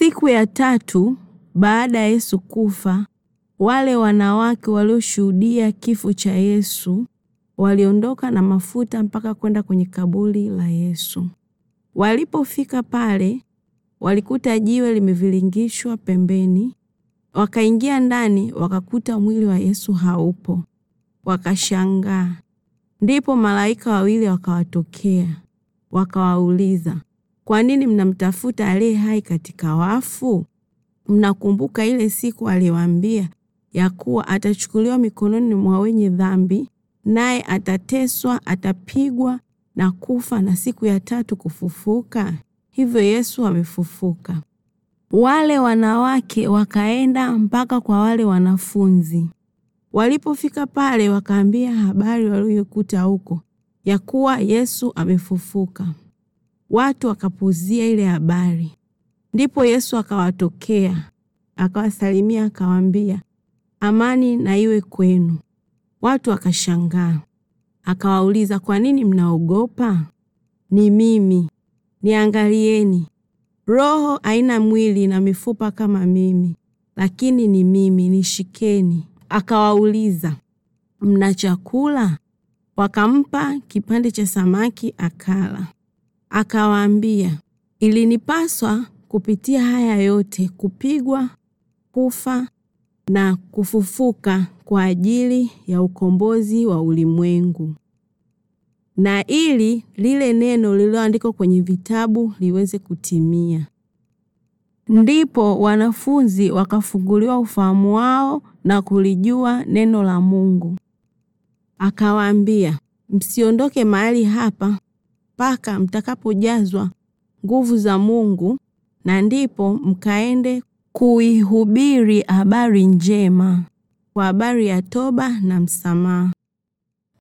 Siku ya tatu baada ya Yesu kufa, wale wanawake walioshuhudia kifo cha Yesu waliondoka na mafuta mpaka kwenda kwenye kaburi la Yesu. Walipofika pale, walikuta jiwe limevilingishwa pembeni. Wakaingia ndani, wakakuta mwili wa Yesu haupo. Wakashangaa. Ndipo malaika wawili wakawatokea, wakawauliza, kwa nini mnamtafuta aliye hai katika wafu? Mnakumbuka ile siku aliwaambia ya kuwa atachukuliwa mikononi mwa wenye dhambi, naye atateswa, atapigwa na kufa na siku ya tatu kufufuka? Hivyo Yesu amefufuka. Wale wanawake wakaenda mpaka kwa wale wanafunzi. Walipofika pale, wakaambia habari waliyokuta huko, ya kuwa Yesu amefufuka watu wakapuuzia ile habari. Ndipo Yesu akawatokea, akawasalimia, akawaambia, amani na iwe kwenu. Watu wakashangaa. Akawauliza, kwa nini mnaogopa? Ni mimi, niangalieni. Roho haina mwili na mifupa kama mimi, lakini ni mimi, nishikeni. Akawauliza, mna chakula? Wakampa kipande cha samaki, akala. Akawaambia, ilinipaswa kupitia haya yote, kupigwa, kufa na kufufuka kwa ajili ya ukombozi wa ulimwengu. Na ili lile neno lililoandikwa kwenye vitabu liweze kutimia. Ndipo wanafunzi wakafunguliwa ufahamu wao na kulijua neno la Mungu. Akawaambia, msiondoke mahali hapa mpaka mtakapojazwa nguvu za Mungu, na ndipo mkaende kuihubiri habari njema kwa habari ya toba na msamaha.